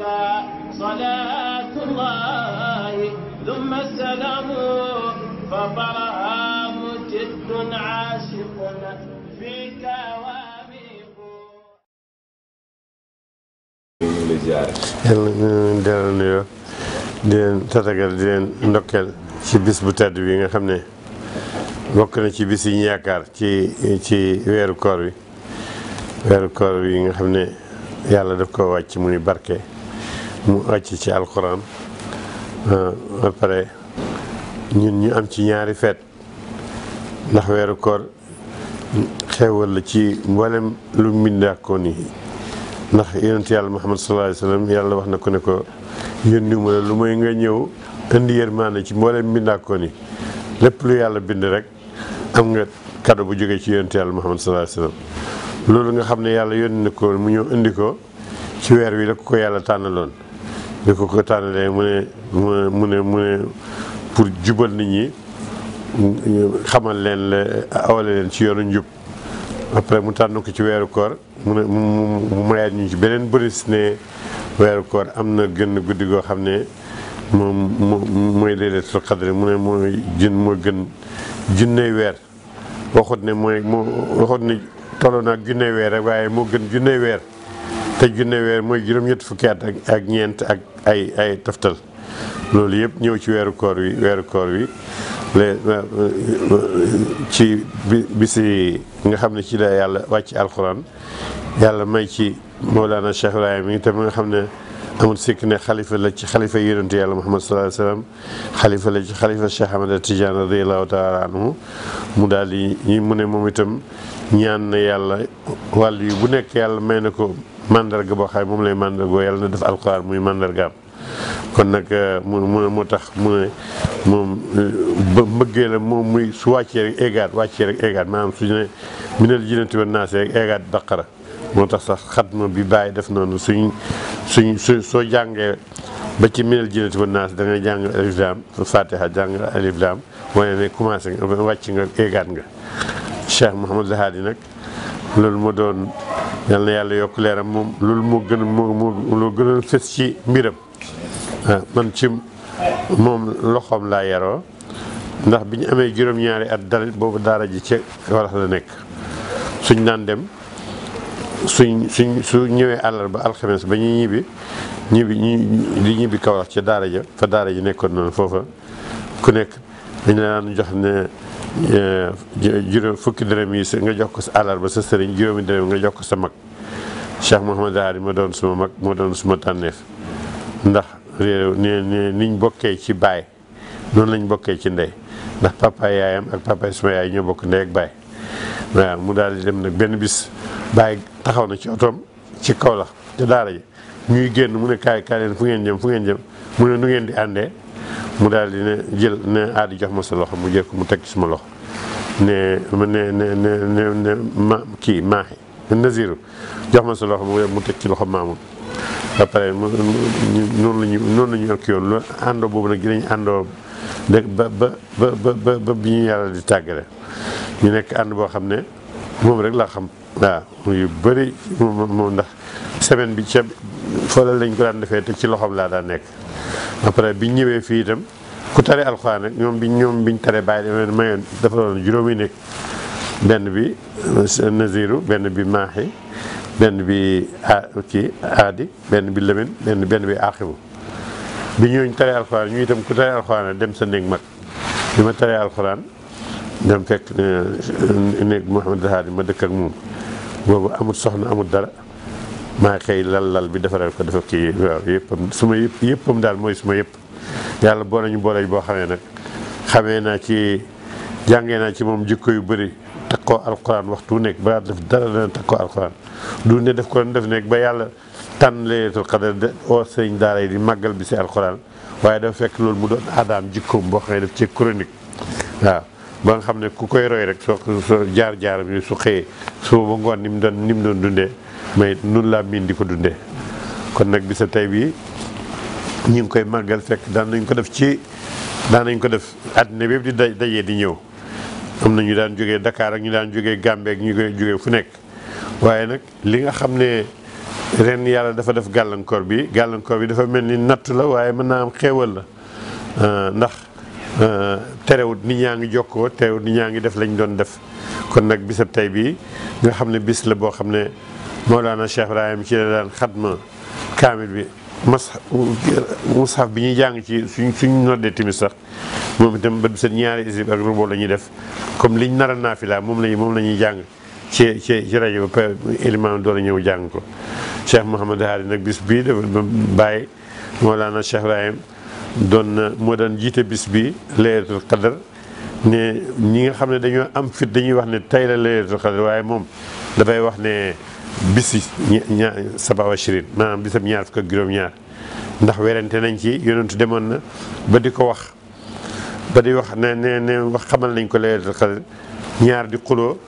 عليك صلاة الله di leen tatagal di leen ndokkeel ci bis bu tedd bi nga xam ne bokk na ci bis yi ñu yaakaar ci ci weeru koor wi weeru koor wi nga xam ne yàlla def ko wàcc muy barke mu àcc ci alxuraan euh, ba pare ñun ñu am ci ñaari feet ndax weeru koor xewal la ci mboolem lu mbindaakoon yi ndax yonent yàlla Muhammad sallallahu alayhi yàlla wax na ko ne ko yónni ma la lu mooy nga ñëw indi yërmaane ci mboolem mbindaakoon yi lépp lu yàlla bind rek am nga kado bu jógee ci yonent yàlla Muhammad sallallahu alayhi wa sallam loolu nga xam ne yàlla yónni na ko mu ñëw indi ko ci weer wi la ko ko yàlla tànnaloon ñu ko ko tànnalee mu ne mu ne mu ne pour jubal nit ñi xamal leen la ci yoonu njub après mu tànn ko ci weeru koor mu ne mu mayaat ñu ci beneen bëris ne weeru koor am na gën guddi goo xam ne moom mooy laylatul qadr mu ne mooy jën moo gën junney weer waxut ne mooy moo waxut ne tolloo naa junney weer waaye moo gën junney weer te junne weer mooy juróom-ñett fukki at ak ñeent ak ay ay toftal loolu yëpp ñëw ci weeru koor wi weeru koor wi le ci bisi nga xam ne ci la yàlla wàcc alxuraan yàlla may ci Mawlana Cheikh Ibrahim mi tam nga xam ne amul sikk ne xalifa la ci xalifa yonente yàlla Muhammad sallallahu alayhi wasallam xalifa la ci xalifa Cheikh mu daal di ñi mu ne moom itam ñaan na yàlla wàll yu bu nekk yàlla may na ko mandarga boo xam moom lay mandargoo yàlla na def alxuraan muy mandargaam kon nag euh, mu mu moo tax mu ne moom mbëggee la moom muy su wàccee rek égaat wàccee rek égaat maanaam su ne minal jinnati wan naas rek moo tax sax xatma bi bàyyi def noonu suñ suñ su soo jàngee ba ci minal jinnati wan naas da ngay jàng alif laam fatiha jàng alif laam waaye ne commencé nga wàcc nga égaat nga Cheikh Mouhamadou Lahadi nag loolu moo doon yal na yàlla yokk leeram moom loolu moo gën moo moo loo gën a fës ci mbiram ah, man ci moom loxoom laa yaroo ndax bi ñu amee juróom-ñaari at dara boobu daara ji ci walax la nekk suñ naan dem suñ suñ su ñëwee àllarba alxames ba ñuy ñibbi ñibbi di ñibbi Kawlax ca daara ja fa daara ji nekkoon noonu foofa ku nekk dañ la daan jox ne Eh, juróom fukki dërëm yi nga jox ko sa alal ba sa sëriñ juróomi dërëm nga jox ko sa mag Cheikh daal Ali ma doon suma mag moo doon suma tànneef ndax réew ne niñ bokkee ci baay noonu lañ bokkee ci ndey ndax papa yaayam ak papa suma yaay ñoo bokk ndey ak baay waaw mu daal di dem nag benn bis baay taxaw na ci otoom ci kaw la ca daara ji ñuy génn mu ne kaay kaay leen fu ngeen jëm fu ngeen jëm mu ne nu ngeen di àndee mu daal ne jël ne aadi jox ma sa loxo mu jël ko mu teg ci suma loxo ne ne ne ne ne ma kii maaxi naziru jox ma sa loxo mu mu teg ci loxo maamun ba pare mu noonu la ak yoon lu àndoo boobu nag dinañ àndoo dëgg ba ba ba ba bi ñu yàlla di tàggale ñu nekk ànd boo xam ne moom rek laa xam waaw yu bëri moom ndax semaine bi ca fële lañ ko daan defee te ci loxoom laa daan nekk après biñ ñëwee fii itam ku tare alxuraan ñoom bi ñoom biñ tare bàyyi dafa mayoon dafa doon juróomi nekk benn bi naziru benn bi maaxi benn bi kii aadi benn bi lëmin benn benn bi aaxibu bi ñooñ tare alxuraan ñu itam ku tare alxuraan dem sa néeg mag bi ma taree alxuraan dem fekk euh, néeg Mouhamed ma dëkk ak moom boobu amul soxna amul dara maa xëy lal lal bi defaral ko dafa kii waaw yëppam suma yëpp yëppam daal mooy suma yëpp yàlla boo nañu boole boo xamee nag xamee naa ci jàngee naa ci moom jikko yu bëri takkoo alquran waxtu nekk balaa def dara dana takkoo alquran du def ko def nekk ba yàlla tànn laylatul qadar de oo sëñ daara yi di màggal bi si alquran waaye dafa fekk loolu mu doon aadaam jikkoom boo xam ne def ci chronique waaw ba nga xam ne ku koy roy rek soo jaar jaaram yi su xëyee soo ba ngoon ni mu doon ni mu doon dundee mais nun laa miin di ko dundee kon nag bi sa tey bi ñu ngi koy màggal fekk daan nañ ko def ci daan nañ ko def àddina bépp di dajee di ñëw am na ñu daan jógee Dakar ak ñu daan jógee gàmbeek ñu koy jógee fu nekk waaye nag li nga xam ne ren yàlla dafa def gàllankoor bi gàllankoor bi dafa mel ni natt la waaye mën naa am xéewal la euh, ndax euh, terewut nit ñaa ngi jokkoo terewut nit ñaa ngi def lañ doon def kon nag bisab tey bii nga xam ne bis la boo xam ne Mawlana Cheikh Ibrahim ci la daan xatma kaamil bi mas bi ñuy jàng ci suñ suñ noddee timis moom itam bët seen ñaari isib la ñuy def comme liñ nar a naafila moom lañ moom la ñuy jàng ci ci ci rajo ba ilimaam doon a ñëw jàng ko Cheikh Mouhamed Haadi nag bis bii dafa bàyyi Mawlana Cheikh Ibrahim doon moo daan jiite bis bi laylatul qadar ne ñi nga xam ne dañoo am fit dañuy wax ne tey la laylatul qadar waaye moom dafay wax ne bisi ña saba wa shirin maanaam bisam ñaar fukk ak juróom-ñaar ndax werante nañ ci yonentu demoon na ba di ko wax ba di wax ne ne ne xamal nañ ko laylatul qadr di xuloo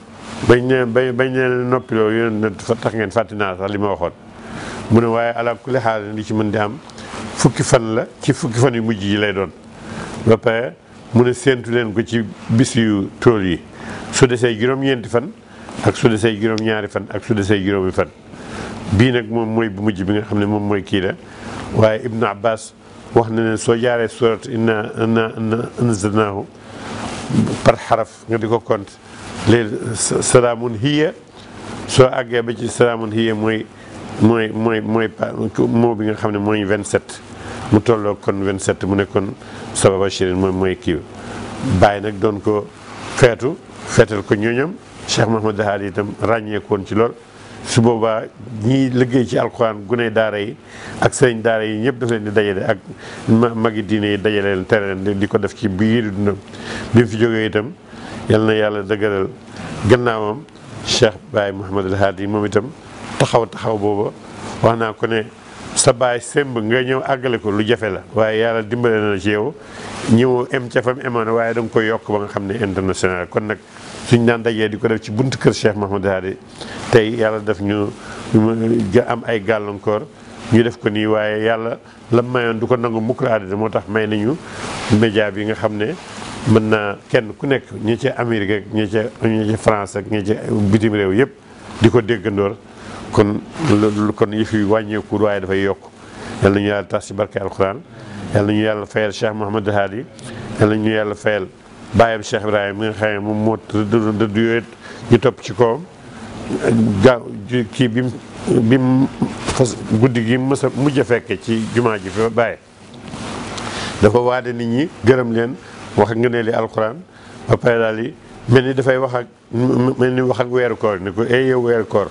bañ ne bañ bañ ne noppiloo yonentu fa tax ngeen fàtte naa sax li ma waxoon mu ne waaye ala kulli xaal li ci mën di am fukki fan la ci fukki fan yu mujj yi lay doon ba pare mu ne séentu leen ko ci bisi yu tool yi su desee juróom-ñeenti fan ak su desee juróom-ñaari fan ak su desee juróomi fan bii nag moom mooy bu mujj bi nga xam ne moom mooy kii la waaye Ibnu Abbas wax na ne soo jaaree surat inna inna anzalnaahu par xaraf nga di ko compte léegi salaamun hiya soo àggee ba ci salaamun hiya mooy mooy mooy mooy moo bi nga xam ne mooy 27 mu tolloo kon 27 mu ne kon sababa shirin mooy mooy kii bàyyi nag doon ko feetu feetal ko ñooñam Cheikh Mahmoud Dahal itam ràññeekoon ci lool su boobaa ñiy liggéey ci alxuraan gune daara yi ak sëriñ daara yi ñëpp daf leen di dajale ak magi diine yi dajale leen tere leen di ko def ci bi mu fi jógee itam yal na yàlla dëgëral gannaawam Cheikh Baye Mouhamadul Haadi moom itam taxaw taxaw booba wax naa ko ne sa baay semb nga ñëw àggale ko lu jafe la waaye yàlla dimbale na ci yow ñëwoo em ca fam emoon waaye da koy yokk ba nga xam ne international kon nag suñ naan dajee di ko def ci bunt kër Cheikh Mahmoud Haadi tey yàlla def ñu am ay gàllankoor ñu def ko nii waaye yàlla la mayoon du ko nangu mukk la àddina moo tax may nañu média bi nga xam ne mën naa kenn ku nekk ñi ci Amérique ak ñi ca ñi ca France ak ñi ca bitim réew yëpp di ko déggandoor kon lu kon yëf yi wàññeeku waaye dafay yokk yal na yàlla tas ci barke alquran yal na yàlla fayal Cheikh Mahmoud Haadi yal na ñu yàlla fayal. bàyyam Cheikh Ibrahima mi nga xam ne moom moo rëdd yooyu ñu topp ci kawam ga kii bi bi mu fas mujj a fekke ci jumaa ji fi bàyyi dafa waade nit ñi gërëm leen wax nga ne li alquran ba pare daal yi mel ni dafay wax ak mel ni wax ak weeru koor ni ko ay yow weeru koor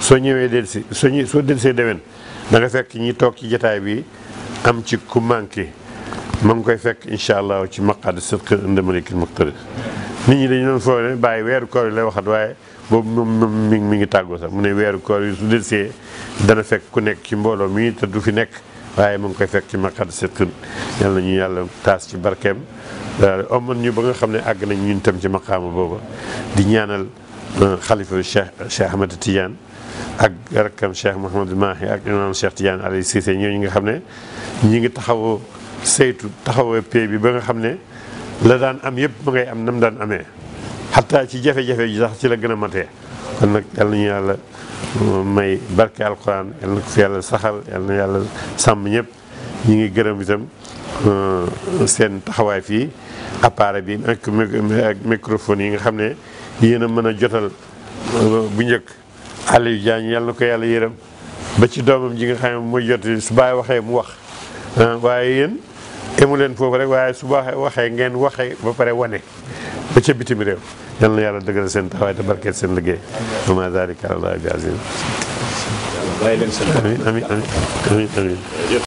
soo ñëwee dell si ñëwee soo delsee déwén da nga fekk ñi toog ci jataay bi am ci ku manqué ma ngi koy fekk incha allah ci maqaad sidq inda malikil muqtadir nit ñi dañu doon foog ne bàyyi weeru koor yi lay waxat waaye boobu moom mi mi ngi tàggoo sax mu ne weeru koor yi su desee dana fekk ku nekk ci mbooloo mi te du fi nekk waaye ma ngi koy fekk ci maqaad sidq yal na ñu yàlla taas ci barkeem euh, oman ñu ba nga xam ne àgg nañ ñu tam ci maqaama boobu di ñaanal euh, xalifa Cheikh Cheikh Ahmed Tidiane ak rakkam Cheikh Mouhamadou Mahi ak imam Cheikh Tidiane Aliou Cissé ñooñu nga xam ne ñi ngi taxawoo saytu taxawa pay bi ba nga xam ne la daan am yëpp ma ngay am nam daan amee xataa ci jafe-jafe ji sax ci la gën a matee kon nag yal nañu yàlla uh, may barke alquran yal na ko fi yàlla saxal yal na yàlla sàmm ñëpp ñu ngi gërëm uh, seen taxawaay fii appareil bi ak microphone yi nga xam ne yéen a mën a jotal uh, bu njëkk Aliou Diagne yal ko yàlla yërëm ba ci doomam ji nga xam ne mooy jot su bàyyi waxee mu wax Euh, waaye yéen emu leen foofu rek waaye su baaxee waxee ngeen waxe ba pare wane ba ca bitim réew yal na yàlla dëggal seen taxawaay te barkeel seen liggéey ama zalika alallaahi bi aziim amiin amiin amiin